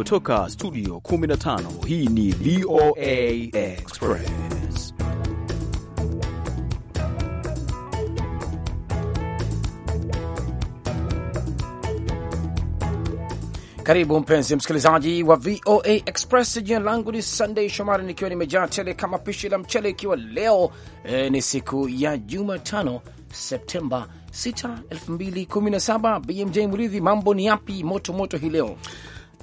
kutoka studio 15 hii ni VOA Express. Karibu mpenzi msikilizaji wa VOA Express. Jina langu ni Sunday Shomari, nikiwa nimejaa tele kama pishi la mchele, ikiwa leo e, ni siku ya Jumatano Septemba 6, 2017. BMJ Muridhi, mambo ni yapi moto moto hii leo?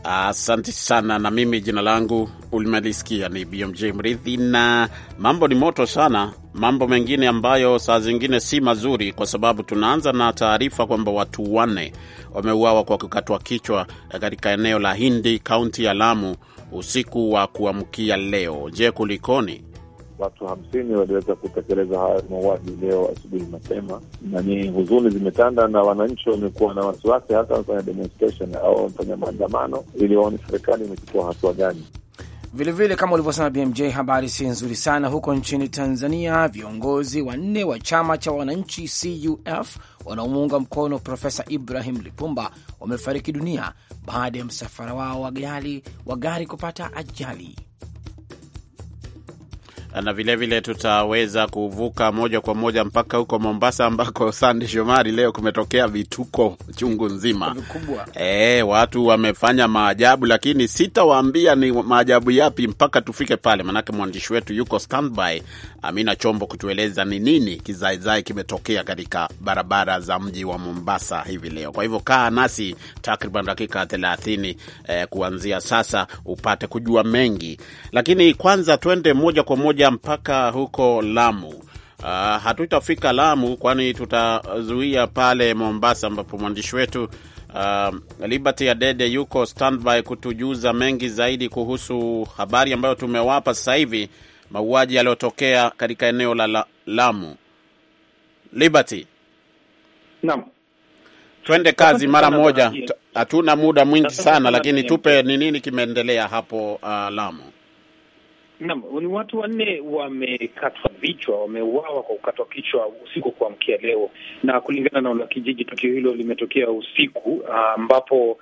Asante sana. Na mimi jina langu ulimelisikia ni BMJ Mridhi, na mambo ni moto sana, mambo mengine ambayo saa zingine si mazuri, kwa sababu tunaanza na taarifa kwamba watu wanne wameuawa kwa kukatwa kichwa katika eneo la Hindi, kaunti ya Lamu, usiku wa kuamkia leo. Je, kulikoni? watu hamsini waliweza kutekeleza haya mauaji leo asubuhi mapema, na ni huzuni zimetanda, na wananchi wamekuwa na wasiwasi, hata wamefanya demonstration au wamefanya maandamano ili waone serikali imechukua hatua gani. Vilevile, kama ulivyosema BMJ, habari si nzuri sana huko nchini Tanzania. Viongozi wanne wa chama cha wananchi CUF wanaomuunga mkono Profesa Ibrahim Lipumba wamefariki dunia baada ya msafara wao wa gari kupata ajali na vilevile tutaweza kuvuka moja kwa moja mpaka huko Mombasa ambako Sande Shomari, leo kumetokea vituko chungu nzima e, watu wamefanya maajabu, lakini sitawaambia ni maajabu yapi mpaka tufike pale, manake mwandishi wetu yuko standby, Amina Chombo, kutueleza ni nini kizaizai kimetokea katika barabara za mji wa Mombasa hivi leo. Kwa hivyo kaa nasi takriban dakika 30 eh, kuanzia sasa upate kujua mengi, lakini kwanza twende moja kwa moja tutaanzia mpaka huko Lamu. Uh, hatutafika Lamu kwani tutazuia pale Mombasa ambapo mwandishi wetu uh, Liberty Adede yuko standby kutujuza mengi zaidi kuhusu habari ambayo tumewapa sasa hivi, mauaji yaliyotokea katika eneo la, la Lamu. Liberty, naam, twende kazi mara moja, hatuna muda mwingi sana, lakini tupe ni nini kimeendelea hapo uh, Lamu. Naam, ni watu wanne wamekatwa vichwa, wameuawa kwa kukatwa kichwa usiku kuamkia leo, na kulingana na wanakijiji, tukio hilo limetokea usiku ah, ambapo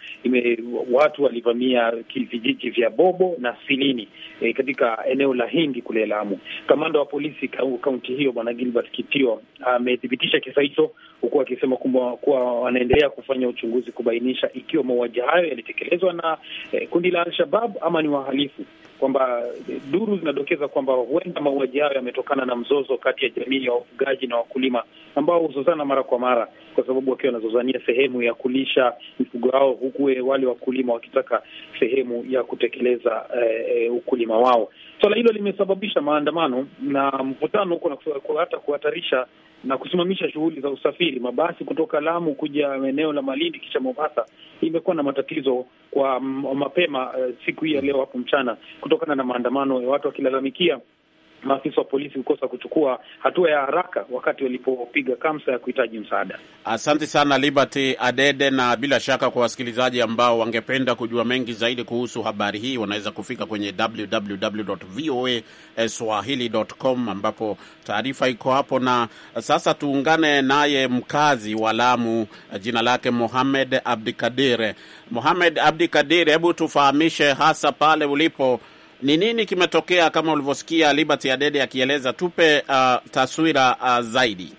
watu walivamia vijiji vya Bobo na Silini e, katika eneo la Hindi kule Lamu. Kamanda wa polisi kaunti hiyo Bwana Gilbert Kitio amethibitisha kisa hicho, huku akisema kuwa wanaendelea kufanya uchunguzi kubainisha ikiwa mauaji hayo yalitekelezwa na e, kundi la Al-Shabab ama ni wahalifu, kwamba eh, duru zinadokeza kwamba huenda mauaji hayo yametokana na mzozo kati ya jamii ya wafugaji na wakulima ambao huzozana mara kwa mara kwa sababu wakiwa wanazozania sehemu ya kulisha mifugo wao, huku eh, wale wakulima wakitaka sehemu ya kutekeleza eh, eh ukulima wao. Swala so, hilo limesababisha maandamano na mvutano huko na hata kuhatarisha na kusimamisha shughuli za usafiri. Mabasi kutoka Lamu kuja eneo la Malindi kisha Mombasa imekuwa na matatizo kwa mm, mapema eh, siku hii ya leo hapo mchana, kutokana na maandamano ya watu wakilalamikia maafisa wa polisi kukosa kuchukua hatua ya haraka wakati walipopiga kamsa ya kuhitaji msaada. Asante sana Liberty Adede, na bila shaka kwa wasikilizaji ambao wangependa kujua mengi zaidi kuhusu habari hii wanaweza kufika kwenye www.voaswahili.com ambapo taarifa iko hapo. Na sasa tuungane naye mkazi wa Lamu, jina lake Mohamed Abdikadir. Mohamed Abdikadir, hebu tufahamishe hasa pale ulipo ni nini kimetokea kama ulivyosikia Liberty Adede akieleza? Tupe uh, taswira uh, zaidi.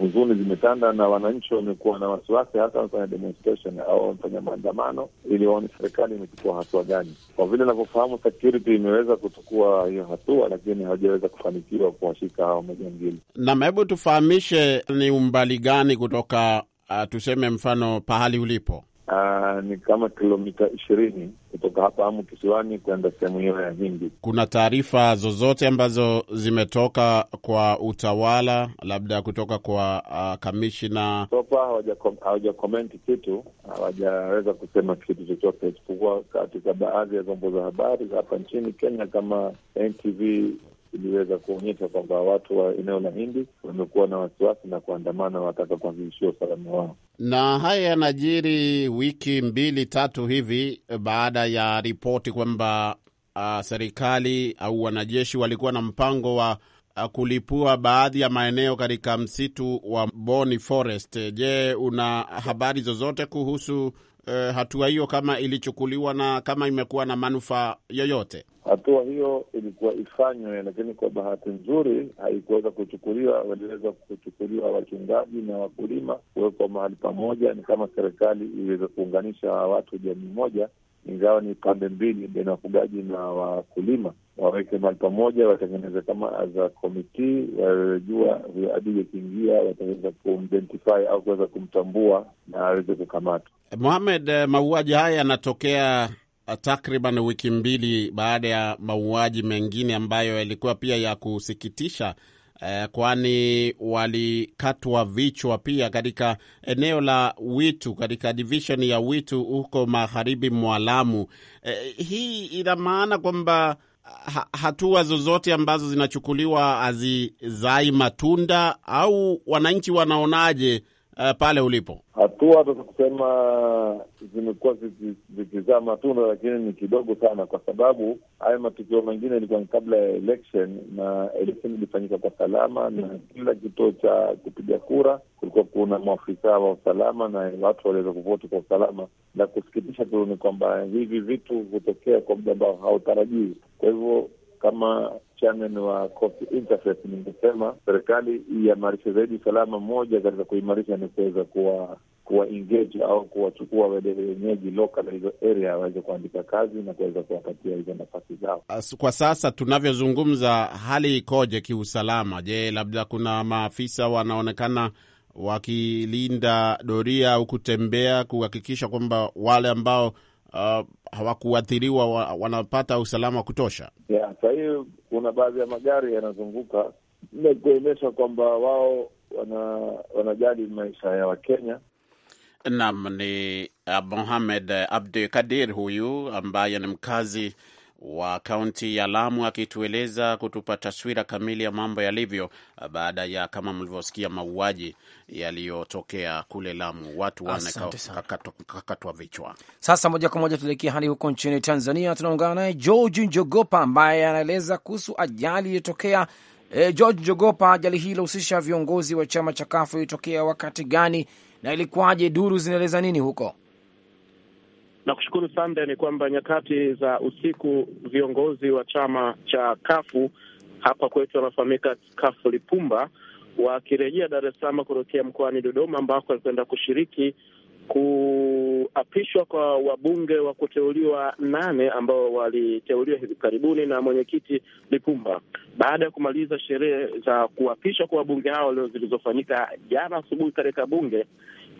Huzuni zimetanda na wananchi wamekuwa na wasiwasi, hata wamefanya demonstration au wamefanya maandamano ili waone serikali imechukua hatua gani. Kwa vile inavyofahamu, security imeweza kuchukua hiyo hatua, lakini hawajaweza kufanikiwa kuwashika hao majangili. Nam, hebu tufahamishe ni umbali gani kutoka uh, tuseme mfano pahali ulipo? Uh, ni kama kilomita ishirini kutoka hapa Amu kisiwani kwenda sehemu hiyo ya Hindi. Kuna taarifa zozote ambazo zimetoka kwa utawala, labda kutoka kwa ah, kamishna? Uh, Hawaja hawajakomenti kitu, hawajaweza kusema kitu chochote isipokuwa katika baadhi ya vyombo za habari za hapa nchini Kenya kama NTV iliweza kuonyesha kwamba watu wa eneo la Hindi wamekuwa na wasiwasi na kuandamana, wataka kuanzishia usalama wao. Na haya yanajiri wiki mbili tatu hivi baada ya ripoti kwamba uh, serikali au uh, wanajeshi walikuwa na mpango wa uh, kulipua baadhi ya maeneo katika msitu wa Boni Forest. Je, una habari zozote kuhusu eh, hatua hiyo kama ilichukuliwa na kama imekuwa na manufaa yoyote? Hatua hiyo ilikuwa ifanywe, lakini kwa bahati nzuri haikuweza kuchukuliwa. Waliweza kuchukuliwa wachungaji na wakulima kuwekwa mahali pamoja, ni kama serikali iliweza kuunganisha watu jamii moja ingawa ni pande mbili, bena wafugaji na wakulima, waweke mahali pamoja, watengeneze kama za committee, wajua huyo adui akiingia, wataweza kumidentify au kuweza kumtambua na aweze kukamatwa. Mohamed, eh, mauaji haya yanatokea eh, takriban wiki mbili baada ya mauaji mengine ambayo yalikuwa pia ya kusikitisha eh, kwani walikatwa vichwa pia katika eneo la Witu, katika division ya Witu huko magharibi mwa Lamu. Eh, hii ina maana kwamba ah, ha hatua zozote ambazo zinachukuliwa hazizai matunda au wananchi wanaonaje? uh, pale ulipo? Hatua hata kusema zimekuwa zikizaa matunda, lakini ni kidogo sana, kwa sababu haya matukio mengine ilikuwa ni kabla ya election, na election ilifanyika kwa salama na kila kituo cha kupiga kura kulikuwa kuna maafisa wa usalama na watu waliweza kuvoti kwa usalama. La kusikitisha tu ni kwamba hivi vitu hutokea kwa muda ambao hautarajii. Kwa hivyo kama chairman wa Court Interfaith, ningesema serikali iimarishe zaidi usalama. Moja katika kuimarisha ni kuweza kuwa kuwa engage au kuwachukua wale wenyeji local hizo area waweze kuandika kazi na kuweza kuwapatia hizo nafasi zao. Kwa sasa tunavyozungumza, hali ikoje kiusalama? Je, labda kuna maafisa wanaonekana wakilinda doria au kutembea kuhakikisha kwamba wale ambao Uh, hawakuathiriwa wa, wanapata usalama wa kutosha. Yeah, Kwa hiyo kuna baadhi ya magari yanazunguka kuonyesha kwamba wao wana, wanajali maisha ya Wakenya. Naam, ni uh, Mohamed Abdu Kadir huyu ambaye ni mkazi wa kaunti ya Lamu akitueleza kutupa taswira kamili ya mambo yalivyo uh, baada ya kama mlivyosikia mauaji yaliyotokea kule Lamu, watu wane kakatwa vichwa. Sasa moja kwa moja tuelekea hadi huko nchini Tanzania, tunaungana naye George Njogopa ambaye anaeleza kuhusu ajali iliyotokea. E, George Njogopa, ajali hii ilihusisha viongozi wa chama cha Kafu, ilitokea wakati gani na ilikuwaje? Duru zinaeleza nini huko? na kushukuru Sande, ni kwamba nyakati za usiku viongozi wa chama cha kafu hapa kwetu wanafahamika kafu Lipumba, wakirejea Dar es Salaam kutokea mkoani Dodoma ambako walikwenda kushiriki kuapishwa kwa wabunge wa kuteuliwa nane ambao waliteuliwa hivi karibuni na mwenyekiti Lipumba. Baada ya kumaliza sherehe za kuapishwa kwa wabunge hao leo zilizofanyika jana asubuhi katika bunge,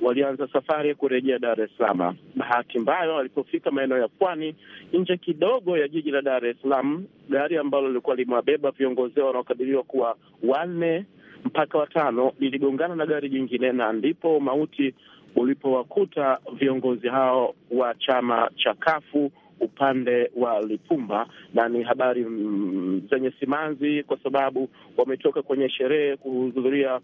walianza safari ya kurejea Dar es Salaam. Bahati mbaya, walipofika maeneo ya pwani nje kidogo ya jiji la Dar es Salaam, gari ambalo lilikuwa limewabeba viongozi hao wanaokadiriwa kuwa wanne mpaka watano liligongana na gari jingine, na ndipo mauti ulipowakuta viongozi hao wa chama cha Kafu upande wa Lipumba, na ni habari mm, zenye simanzi kwa sababu wametoka kwenye sherehe kuhudhuria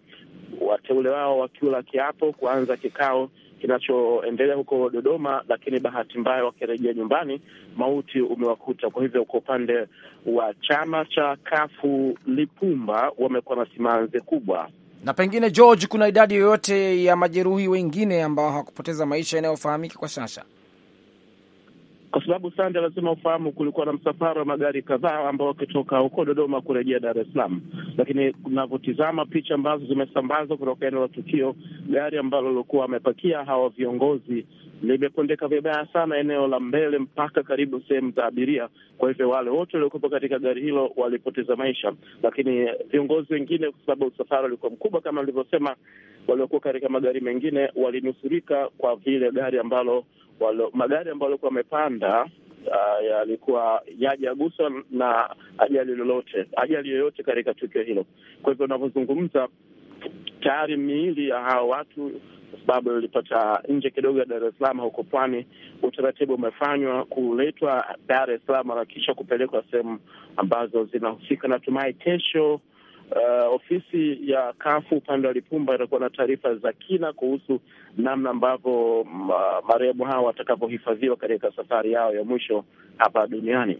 wateule wao wakiula kiapo kuanza kikao kinachoendelea huko Dodoma, lakini bahati mbaya wakirejea nyumbani mauti umewakuta. Kwa hivyo kwa upande wa chama cha kafu Lipumba wamekuwa na simanzi kubwa. Na pengine George, kuna idadi yoyote ya majeruhi wengine ambao hawakupoteza maisha inayofahamika kwa sasa? kwa sababu Sande, lazima ufahamu kulikuwa na msafara wa magari kadhaa ambao wakitoka huko Dodoma kurejea Dar es Salaam, lakini unavyotizama picha ambazo zimesambazwa kutoka eneo la tukio, gari ambalo lilikuwa wamepakia hawa viongozi limepondeka vibaya sana eneo la mbele mpaka karibu sehemu za abiria. Kwa hivyo wale wote waliokuwepo katika gari hilo walipoteza maisha, lakini viongozi wengine, kwa sababu usafara ulikuwa mkubwa kama nilivyosema, waliokuwa katika magari mengine walinusurika kwa vile gari ambalo walo, magari ambayo walikuwa wamepanda uh, yalikuwa yajaguswa na ajali lolote, ajali yoyote katika tukio hilo. Kwa hivyo unavyozungumza, tayari miili ya hawa watu kwa sababu ilipata nje kidogo ya Dar es Salaam huko pwani, utaratibu umefanywa kuletwa Dar es Salaam na kisha kupelekwa sehemu ambazo zinahusika. Natumai kesho uh, ofisi ya Kafu upande wa Lipumba itakuwa na taarifa za kina kuhusu namna ambavyo mm, ah, marehemu hawa watakavyohifadhiwa katika safari yao ya mwisho hapa duniani.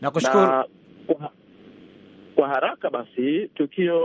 Nakushukuru na, kwa, kwa haraka basi tukio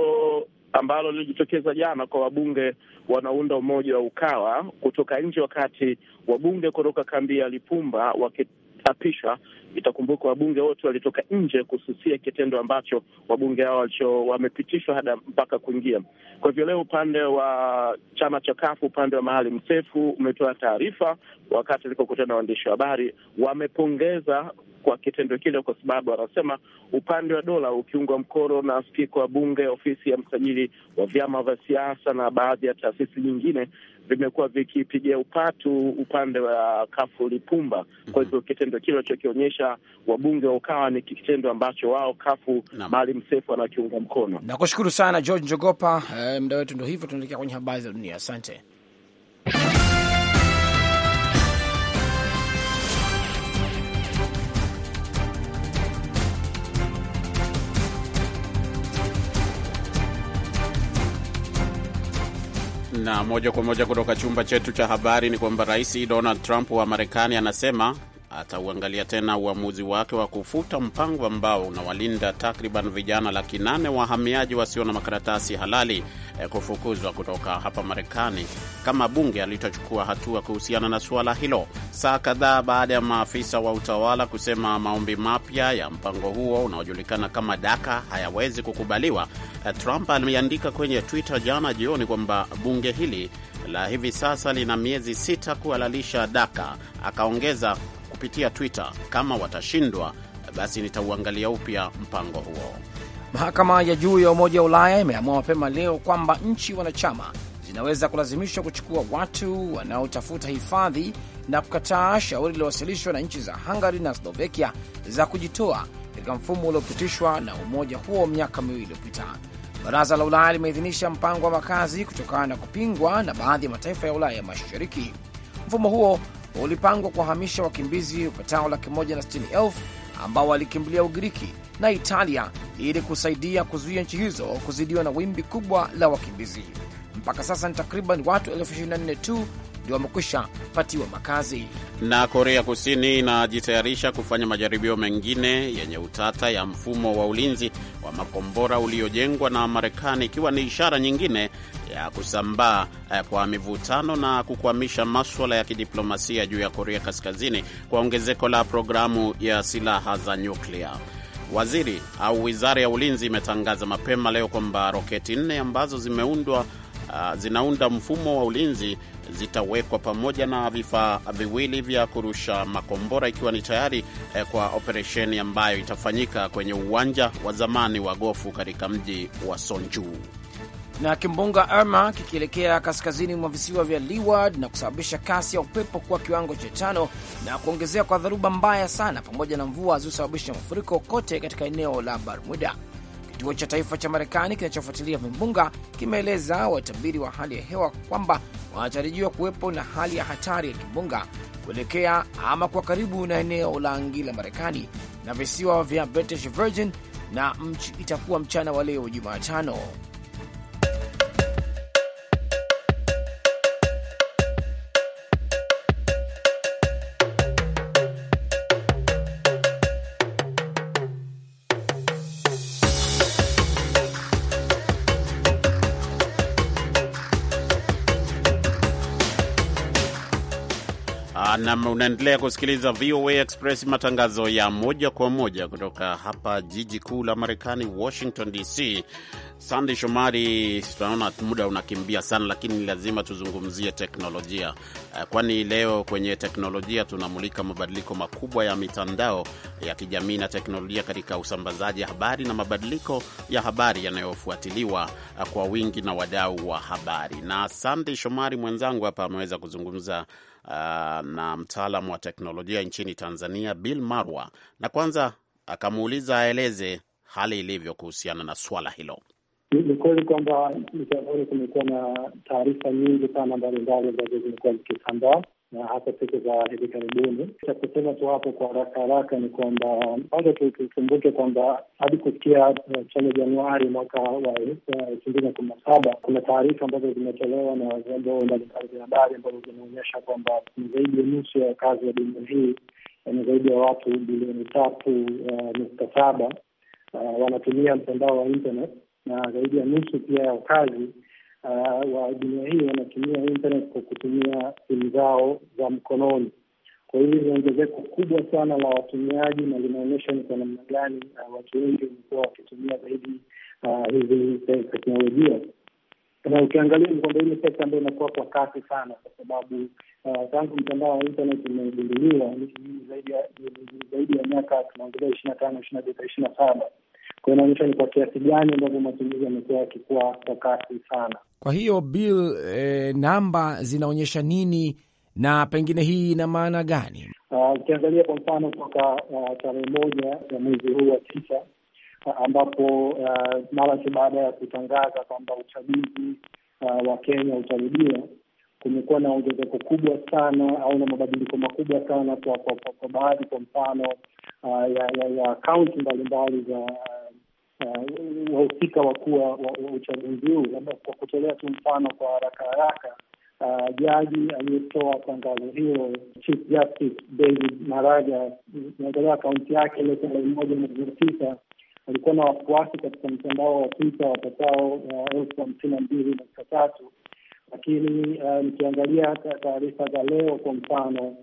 ambalo lilijitokeza jana kwa wabunge wanaunda umoja wa Ukawa kutoka nje, wakati wabunge kutoka kambi ya Lipumba waki, akiapishwa, itakumbukwa wabunge wote walitoka nje kususia kitendo ambacho wabunge hao walicho wamepitishwa hada mpaka kuingia. Kwa hivyo leo upande wa chama cha Kafu, upande wa Maalim Seif umetoa taarifa wakati alipokutana na waandishi wa habari, wamepongeza kwa kitendo kile, kwa sababu anasema upande wa dola ukiungwa mkono na spika wa bunge, ofisi ya msajili wa vyama vya siasa na baadhi ya taasisi nyingine vimekuwa vikipigia upatu upande wa Kafu Lipumba. Kwa hivyo kitendo kile chokionyesha wabunge wa Ukawa ni kitendo ambacho wao Kafu Maalim Seif wanakiunga mkono. Nakushukuru sana George Njogopa. Eh, muda wetu ndo hivyo, tunaelekea kwenye habari za dunia. Asante. Na moja kwa moja kutoka chumba chetu cha habari ni kwamba Rais Donald Trump wa Marekani anasema atauangalia tena uamuzi wake wa kufuta mpango ambao unawalinda takriban vijana laki nane wahamiaji wasio na makaratasi halali eh, kufukuzwa kutoka hapa Marekani kama bunge alitochukua hatua kuhusiana na suala hilo, saa kadhaa baada ya maafisa wa utawala kusema maombi mapya ya mpango huo unaojulikana kama daka hayawezi kukubaliwa. Eh, Trump aliandika kwenye Twitter jana jioni kwamba bunge hili la hivi sasa lina miezi sita kuhalalisha daka. Akaongeza kupitia Twitter. Kama watashindwa, basi nitauangalia upya mpango huo. Mahakama ya juu ya Umoja wa Ulaya imeamua mapema leo kwamba nchi wanachama zinaweza kulazimishwa kuchukua watu wanaotafuta hifadhi na kukataa shauri lililowasilishwa na nchi za Hungary na Slovakia za kujitoa katika mfumo uliopitishwa na umoja huo miaka miwili iliyopita. Baraza la Ulaya limeidhinisha mpango wa makazi kutokana na kupingwa na baadhi ya mataifa ya Ulaya Mashariki. Mfumo huo ulipangwa kuwahamisha wakimbizi upatao laki moja na sitini elfu ambao walikimbilia Ugiriki na Italia ili kusaidia kuzuia nchi hizo kuzidiwa na wimbi kubwa la wakimbizi. Mpaka sasa ni takriban watu elfu ishirini na nne tu ndio wamekwisha patiwa makazi. Na Korea Kusini inajitayarisha kufanya majaribio mengine yenye utata ya mfumo wa ulinzi wa makombora uliojengwa na Marekani, ikiwa ni ishara nyingine ya kusambaa eh, kwa mivutano na kukwamisha maswala ya kidiplomasia juu ya Korea Kaskazini kwa ongezeko la programu ya silaha za nyuklia. Waziri au wizara ya ulinzi imetangaza mapema leo kwamba roketi nne ambazo zimeundwa, uh, zinaunda mfumo wa ulinzi zitawekwa pamoja na vifaa viwili vya kurusha makombora ikiwa ni tayari eh, kwa operesheni ambayo itafanyika kwenye uwanja wa zamani wa gofu katika mji wa Sonju. Na kimbunga Irma kikielekea kaskazini mwa visiwa vya Leeward na kusababisha kasi ya upepo kuwa kiwango cha tano na kuongezea kwa dharuba mbaya sana, pamoja na mvua zilizosababisha mafuriko kote katika eneo la Bermuda. Kituo cha taifa cha Marekani kinachofuatilia vimbunga kimeeleza watabiri wa hali ya hewa kwamba wanatarajiwa kuwepo na hali ya hatari ya kimbunga kuelekea ama kwa karibu na eneo la Angi la Marekani na visiwa vya British Virgin na mchi itakuwa mchana wa leo Jumatano. Nam, unaendelea kusikiliza VOA Express, matangazo ya moja kwa moja kutoka hapa jiji kuu la Marekani, Washington DC. Sandi Shomari, tunaona muda unakimbia sana, lakini lazima tuzungumzie teknolojia, eh, kwani leo kwenye teknolojia tunamulika mabadiliko makubwa ya mitandao ya kijamii na teknolojia katika usambazaji habari na mabadiliko ya habari yanayofuatiliwa eh, kwa wingi na wadau wa habari. Na Sandi Shomari mwenzangu hapa ameweza kuzungumza uh, na mtaalamu wa teknolojia nchini Tanzania Bill Marwa, na kwanza akamuuliza aeleze hali ilivyo kuhusiana na swala hilo. Ni kweli kwamba mtandaoni kumekuwa na taarifa nyingi sana mbalimbali ambazo zimekuwa zikisambaa na hasa siku za hivi karibuni. Cha kusema tu hapo kwa haraka haraka ni kwamba bado tukumbuke kwamba hadi kufikia eh, chane Januari mwaka wa eh, elfu mbili na kumi na saba kuna taarifa ambazo zimetolewa na vyombo mbalimbali vya habari ambazo zinaonyesha kwamba ni zaidi ya nusu ya wakazi wa dunia hii, eh, ni zaidi ya watu bilioni tatu nukta saba wanatumia mtandao wa internet na zaidi ya nusu pia ya wakazi uh, wa dunia hii wanatumia internet kwa kutumia simu zao za mkononi. Kwa hiyo ni ongezeko kubwa sana la watumiaji na linaonyesha ni kwa namna gani uh, watu wengi wamekuwa wakitumia zaidi uh, hizi eh, teknolojia na ukiangalia ni kwamba ni sekta ambayo inakuwa kwa kasi sana, kwa sababu uh, tangu mtandao wa internet umegunduliwa zaidi ya miaka tunaongelea ishirini na tano ishirini na tisa ishirini na saba kwa inaonyesha ni kwa kiasi gani ambavyo matumizi yamekuwa yakikuwa kwa kasi sana. Kwa hiyo bill e, namba zinaonyesha nini na pengine hii ina maana gani? Ah, ukiangalia uh, kwa mfano toka uh, tarehe moja ya mwezi huu wa tisa uh, ambapo uh, mara tu baada ya kutangaza kwamba uchaguzi uh, wa Kenya utarudiwa kumekuwa na ongezeko kubwa sana au na mabadiliko makubwa sana kwa baadhi, kwa mfano uh, ya kaunti mbalimbali za Uh, wahusika wakuu wa uchaguzi huu. Labda kwa kutolea tu mfano kwa haraka haraka, uh, jaji aliyetoa tangazo hilo Chief Justice David Maraga, akaunti yake ile tarehe moja mwezi wa tisa alikuwa na wafuasi katika mtandao wa Twitter wapatao uh, elfu hamsini na mbili nukta tatu lakini nikiangalia taarifa za leo kwa mfano,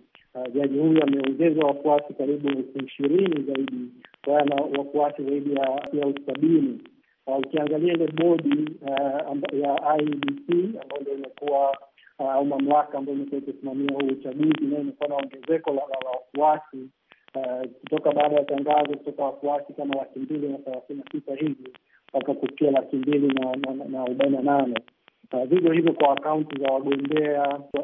jaji huyu ameongeza wafuasi karibu elfu ishirini zaidi wana wafuasi zaidi ya elfu sabini. Ah, ukiangalia ile bodi ah, ya IEBC ambayo ndio imekuwa ah, au mamlaka ambayo imekuwa ikisimamia huu uchaguzi, nayo imekuwa na ongezeko la wafuasi kutoka baada ya tangazo kutoka wafuasi kama laki mbili na thelathini na sita hivi mpaka kufikia laki mbili na arobaini na nane. Vivyo hivyo kwa akaunti za wagombea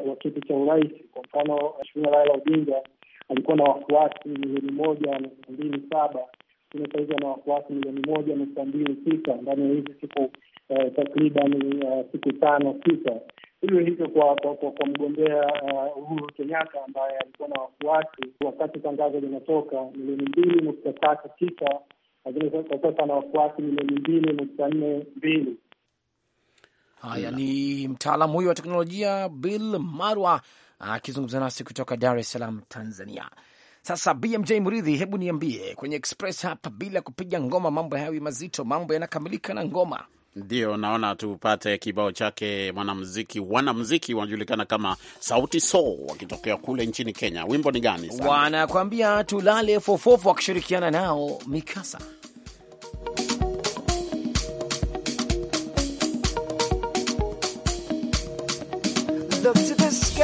wa kiti cha urais, kwa mfano Mheshimiwa Raila Odinga alikuwa na wafuasi milioni moja nukta mbili saba lakini sahizi ana wafuasi milioni moja nukta mbili sita ndani ya hizi siku eh, takriban eh, siku tano sita. Hivyo hivyo kwa kwa, kwa mgombea eh, Uhuru Kenyatta ambaye alikuwa na wafuasi wakati tangazo linatoka milioni mbili nukta tatu tisa lakini kwa sasa ana wafuasi milioni mbili nukta nne mbili. Haya, ni mtaalamu huyo wa teknolojia Bill Marwa Ah, akizungumza nasi kutoka Dar es Salaam, Tanzania. Sasa BMJ Mridhi, hebu niambie kwenye Express hapa, bila kupiga ngoma mambo hayawi mazito, mambo yanakamilika na ngoma. Ndio, naona tupate kibao chake mwanamziki, wanamziki wanajulikana kama Sauti Sol wakitokea kule nchini Kenya. Wimbo ni gani? Wanakuambia tulale fofofo, wakishirikiana nao Mikasa.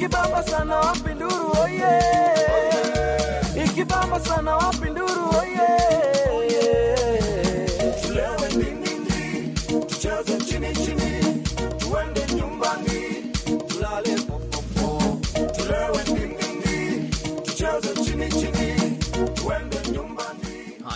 ikibamba sana wapi nduru oye, ikibamba sana wapi nduru oye, tulewe chini chini, tuende nyumbani, tulale tulewe chini chini, tuende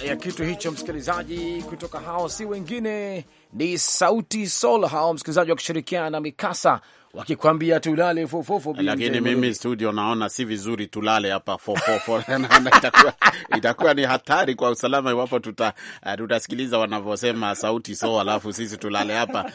ya kitu hicho, msikilizaji, kutoka hao si wengine ni Sauti Sol, hao msikilizaji wakishirikiana na Mikasa wakikwambia tulale fofofo. Lakini mimi studio naona si vizuri tulale hapa fofofo itakuwa, itakuwa ni hatari kwa usalama iwapo tuta, uh, tutasikiliza wanavyosema sauti so alafu sisi tulale hapa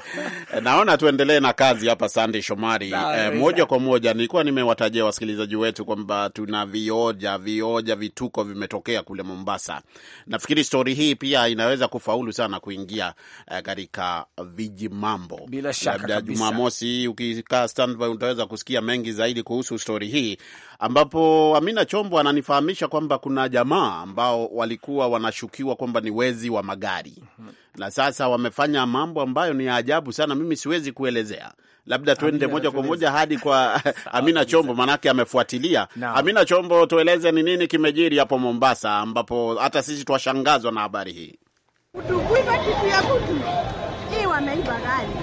naona tuendelee na kazi hapa. Sande Shomari, eh, eh, moja kwa moja nilikuwa nimewatajia wasikilizaji wetu kwamba tuna vioja vioja vituko vimetokea kule Mombasa. Nafikiri stori hii pia inaweza kufaulu sana kuingia eh, katika uh, viji mambo, bila shaka kabisa Jumamosi hii, ukikaa standby utaweza kusikia mengi zaidi kuhusu stori hii, ambapo Amina Chombo ananifahamisha kwamba kuna jamaa ambao walikuwa wanashukiwa kwamba ni wezi wa magari mm-hmm. na sasa wamefanya mambo ambayo ni ya ajabu sana. Mimi siwezi kuelezea, labda tuende moja kwa moja hadi kwa Amina Chombo, maanake amefuatilia no. Amina Chombo, tueleze ni nini kimejiri hapo Mombasa, ambapo hata sisi twashangazwa na habari hii. Kutukuiba kitu ya kutu hii, wameiba gari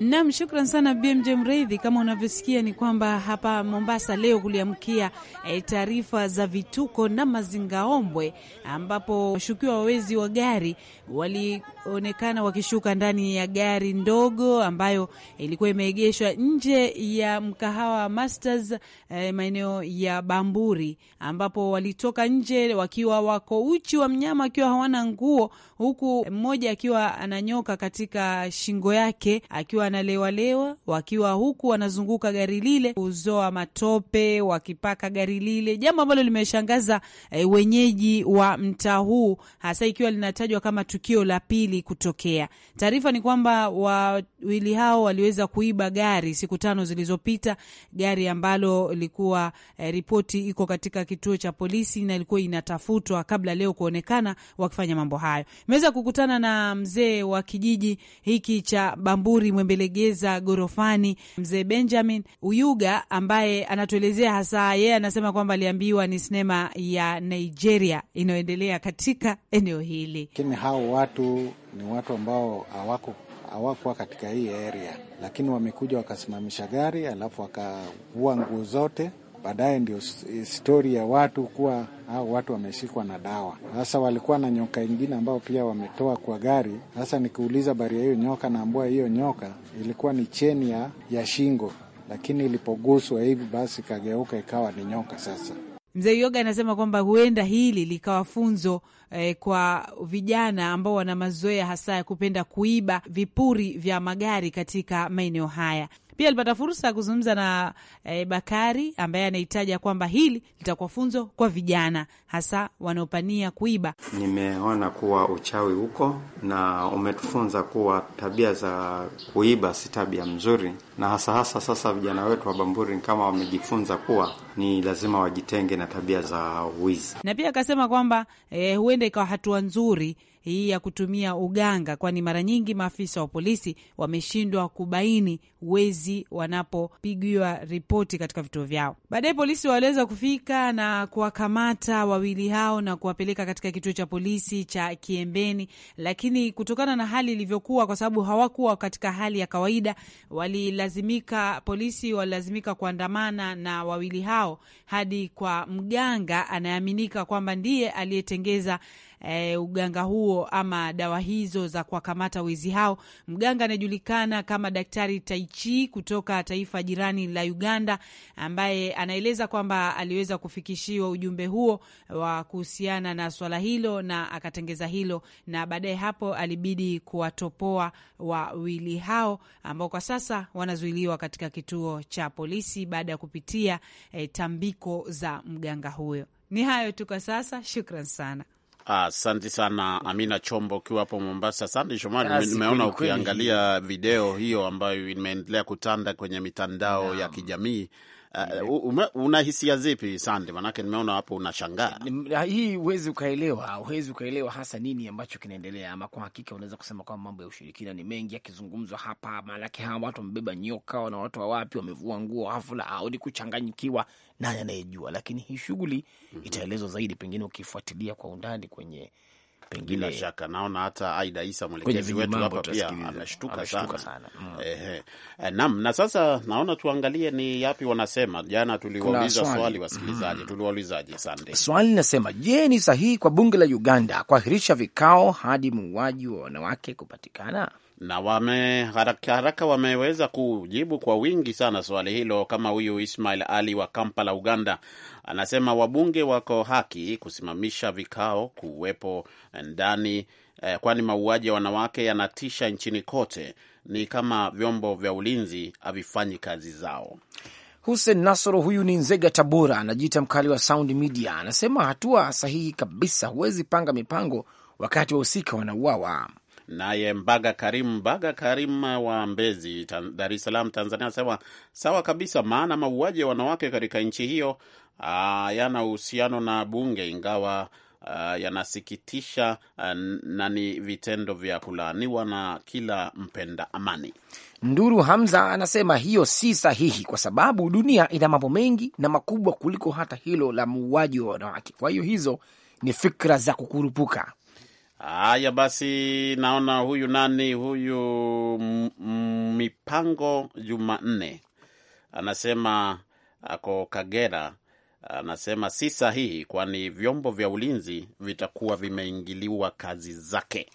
Nam, shukran sana BMJ mreidhi Kama unavyosikia ni kwamba hapa Mombasa leo kuliamkia e, taarifa za vituko na mazingaombwe, ambapo washukiwa wawezi wa gari walionekana wakishuka ndani ya gari ndogo ambayo ilikuwa imeegeshwa nje ya mkahawa Masters e, maeneo ya Bamburi, ambapo walitoka nje wakiwa wako uchi wa mnyama, akiwa hawana nguo, huku mmoja akiwa ananyoka katika shingo yake akiwa wanalewalewa, wakiwa huku wanazunguka gari lile, kuzoa matope, wakipaka gari lile, jambo ambalo limeshangaza e, wenyeji wa mtaa huu, hasa ikiwa linatajwa kama tukio la pili kutokea. Taarifa ni kwamba wawili hao waliweza kuiba gari siku tano zilizopita, gari ambalo lilikuwa e, ripoti iko katika kituo cha polisi na ilikuwa inatafutwa kabla leo kuonekana wakifanya mambo hayo. Imeweza kukutana na mzee wa kijiji hiki cha Bamburi Mwembe kuilegeza gorofani. Mzee Benjamin Uyuga ambaye anatuelezea hasa yeye, yeah, anasema kwamba aliambiwa ni sinema ya Nigeria inayoendelea katika eneo hili, lakini hao watu ni watu ambao hawako hawakuwa katika hii area, lakini wamekuja wakasimamisha gari alafu wakavua nguo zote baadaye ndio eh, stori ya watu kuwa au watu wameshikwa na dawa. Sasa walikuwa na nyoka ingine ambao pia wametoa kwa gari. Sasa nikiuliza bari ya hiyo nyoka, naambua hiyo nyoka ilikuwa ni cheni ya, ya shingo, lakini ilipoguswa hivi basi ikageuka ikawa ni nyoka. Sasa Mzee Yoga anasema kwamba huenda hili likawa funzo eh, kwa vijana ambao wana mazoea hasa ya kupenda kuiba vipuri vya magari katika maeneo haya. Pia alipata fursa ya kuzungumza na e, Bakari ambaye anahitaja kwamba hili litakuwa funzo kwa vijana hasa wanaopania kuiba. Nimeona kuwa uchawi huko na umetufunza kuwa tabia za kuiba si tabia mzuri, na hasa hasa sasa vijana wetu wa Bamburi kama wamejifunza kuwa ni lazima wajitenge na tabia za wizi, na pia akasema kwamba e, huenda ikawa hatua nzuri hii ya kutumia uganga, kwani mara nyingi maafisa wa polisi wameshindwa kubaini wezi wanapopigiwa ripoti katika vituo vyao. Baadaye polisi waliweza kufika na kuwakamata wawili hao na kuwapeleka katika kituo cha polisi cha Kiembeni, lakini kutokana na hali ilivyokuwa, kwa sababu hawakuwa katika hali ya kawaida, walilazimika polisi walilazimika kuandamana na wawili hao hadi kwa mganga anayeaminika kwamba ndiye aliyetengeza eh, uganga huo ama dawa hizo za kuwakamata wezi hao. Mganga anajulikana kama Daktari Taichi kutoka taifa jirani la Uganda, ambaye anaeleza kwamba aliweza kufikishiwa ujumbe huo wa kuhusiana na swala hilo na akatengeza hilo, na baadaye hapo alibidi kuwatopoa wawili hao ambao kwa sasa wanazuiliwa katika kituo cha polisi baada ya kupitia eh, tambiko za mganga huyo. Ni hayo tu kwa sasa, shukran sana. Asante ah, sana Amina Chombo, ukiwa hapo Mombasa. Asante Shomari, nimeona ukiangalia video hiyo ambayo imeendelea kutanda kwenye mitandao yeah, ya kijamii Uh, una hisia zipi Sande? Manake nimeona hapo unashangaa. Ah, hii huwezi ukaelewa, huwezi ukaelewa hasa nini ambacho kinaendelea, ama kwa hakika unaweza kusema kwamba mambo ya ushirikina ni mengi yakizungumzwa hapa, maanake hawa watu wamebeba nyoka na watu wawapi, wamevua nguo hafula, au ni kuchanganyikiwa, nani anayejua? Lakini hii shughuli mm -hmm. itaelezwa zaidi pengine ukifuatilia kwa undani kwenye pengine shaka naona hata Aida Isa mwelekezi wetu hapa pia ameshtuka sana, sana. Mm. Ehe. Eh, nam na sasa naona tuangalie ni yapi wanasema. Jana tuliwauliza swali, swali wasikilizaji mm. tuliwaulizaje sande, Swali nasema, je, ni sahihi kwa bunge la Uganda kuahirisha vikao hadi muuaji wa wanawake kupatikana? na wame haraka haraka wameweza kujibu kwa wingi sana swali hilo, kama huyu Ismail Ali wa Kampala, Uganda, anasema wabunge wako haki kusimamisha vikao kuwepo ndani eh, kwani mauaji ya wanawake yanatisha nchini kote. Ni kama vyombo vya ulinzi havifanyi kazi zao. Hussein Nasoro, huyu ni Nzega tabura anajiita mkali wa Sound Media, anasema hatua sahihi kabisa, huwezi panga mipango wakati wahusika wanauawa. Naye Mbaga Karim, Mbaga Karim wa Mbezi, Dar es Salaam, Tanzania, anasema sawa kabisa, maana mauaji ya wanawake katika nchi hiyo ah, yana uhusiano na bunge, ingawa Uh, yanasikitisha uh, na ni vitendo vya kulaaniwa na kila mpenda amani. Nduru Hamza anasema hiyo si sahihi, kwa sababu dunia ina mambo mengi na makubwa kuliko hata hilo la muuaji wa wanawake. Kwa hiyo hizo ni fikra za kukurupuka. Haya basi, naona huyu nani huyu mipango Jumanne anasema ako Kagera, anasema si sahihi, kwani vyombo vya ulinzi vitakuwa vimeingiliwa kazi zake.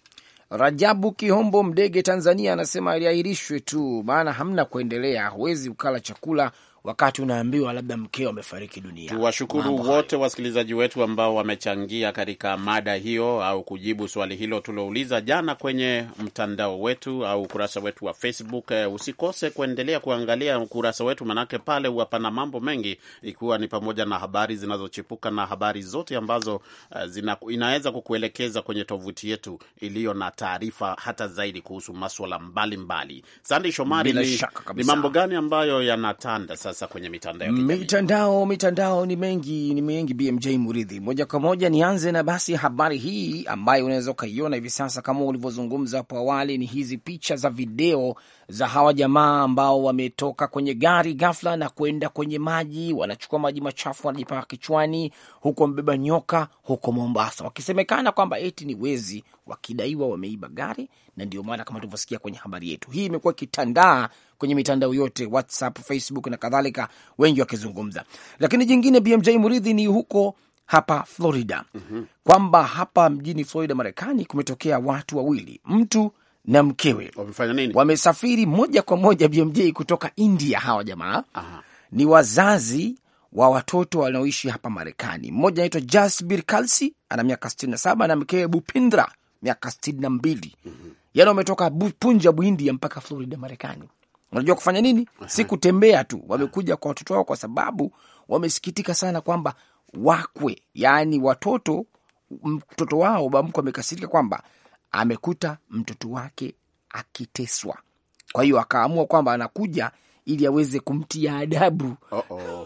Rajabu Kihombo Mdege, Tanzania, anasema aliahirishwe tu, maana hamna kuendelea. Huwezi ukala chakula wakati unaambiwa labda mkeo amefariki dunia. Tuwashukuru wote wasikilizaji wetu ambao wamechangia katika mada hiyo au kujibu swali hilo tulouliza jana kwenye mtandao wetu au ukurasa wetu wa Facebook. Eh, usikose kuendelea kuangalia ukurasa wetu, manake pale hapana mambo mengi, ikiwa ni pamoja na habari zinazochipuka na habari zote ambazo eh, zina, inaweza kukuelekeza kwenye tovuti yetu iliyo na taarifa hata zaidi kuhusu maswala mbalimbali. Sandi Shomari, ni, ni mambo gani ambayo yanatanda sasa? sasa kwenye mitandao ya kijamii? Mitandao, mitandao ni mengi, ni mengi BMJ Muridhi. Moja kwa moja nianze na basi habari hii ambayo unaweza ukaiona hivi sasa kama ulivyozungumza hapo awali, ni hizi picha za video za hawa jamaa ambao wametoka kwenye gari ghafla na kwenda kwenye maji, wanachukua maji machafu wanajipaka kichwani, huko mbeba nyoka huko Mombasa, wakisemekana kwamba eti ni wezi, wakidaiwa wameiba gari, na ndio maana kama tulivyosikia kwenye habari yetu hii imekuwa kitandaa kwenye mitandao yote, WhatsApp, Facebook na kadhalika, wengi wakizungumza. Lakini jingine BMJ Muridhi ni huko hapa Florida mm -hmm. kwamba hapa mjini Florida Marekani kumetokea watu wawili, mtu na mkewe wamefanya nini? Wamesafiri moja kwa moja BMJ kutoka India. Hawa jamaa ni wazazi wa watoto wanaoishi hapa Marekani. Mmoja anaitwa Jasbir Kalsi ana miaka 67 na mkewe Bupindra miaka 62. mm -hmm. Yani wametoka Punjab, India mpaka Florida Marekani unajua kufanya nini? Si kutembea tu, wamekuja kwa watoto wao, kwa sababu wamesikitika sana kwamba wakwe, yaani watoto, mtoto wao, bamko amekasirika kwamba amekuta mtoto wake akiteswa, kwa hiyo akaamua kwamba anakuja ili aweze kumtia adabu. uh -oh.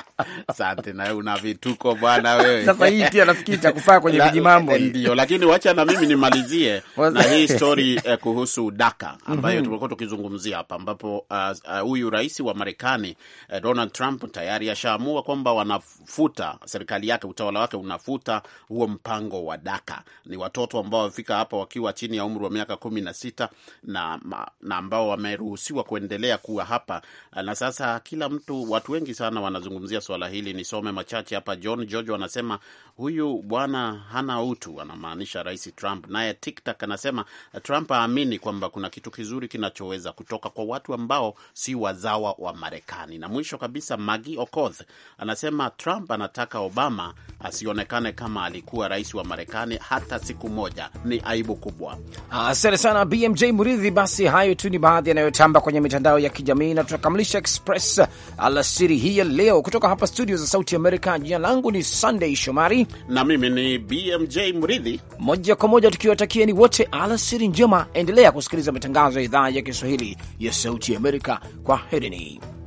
Asante, na una vituko bwana wewe. Sasa hii pia nafikiri itakufaa kwenye miji mambo Ndio, lakini wacha na mimi nimalizie na hii story eh, kuhusu Daka mhm. ambayo mm -hmm. tumekuwa tukizungumzia hapa ambapo huyu uh, uh, rais wa Marekani eh, Donald Trump tayari ashaamua kwamba wanafuta serikali yake, utawala wake unafuta huo mpango wa Daka. Ni watoto ambao wamefika hapa wakiwa chini ya umri wa miaka kumi na sita na, na ambao wameruhusiwa kuendelea kuwa hapa na sasa kila mtu, watu wengi sana wanazungumzia swala hili, nisome machache hapa. John George anasema huyu bwana hana utu, anamaanisha Rais Trump. Naye TikTok anasema Trump aamini kwamba kuna kitu kizuri kinachoweza kutoka kwa watu ambao si wazawa wa Marekani. Na mwisho kabisa, Magi Okoth anasema Trump anataka Obama asionekane kama alikuwa rais wa Marekani hata siku moja. Ni aibu kubwa. Asante sana BMJ Muridhi. Basi hayo tu ni baadhi yanayotamba kwenye mitandao ya kijamii, na tunakamilisha Express alasiri hii ya leo kutoka hapa hapa studio za Sauti Amerika. Jina langu ni Sunday Shomari na mimi ni BMJ Mridhi, moja kwa moja tukiwatakieni wote alasiri njema. Endelea kusikiliza matangazo ya idhaa ya Kiswahili ya Sauti Amerika. kwa herini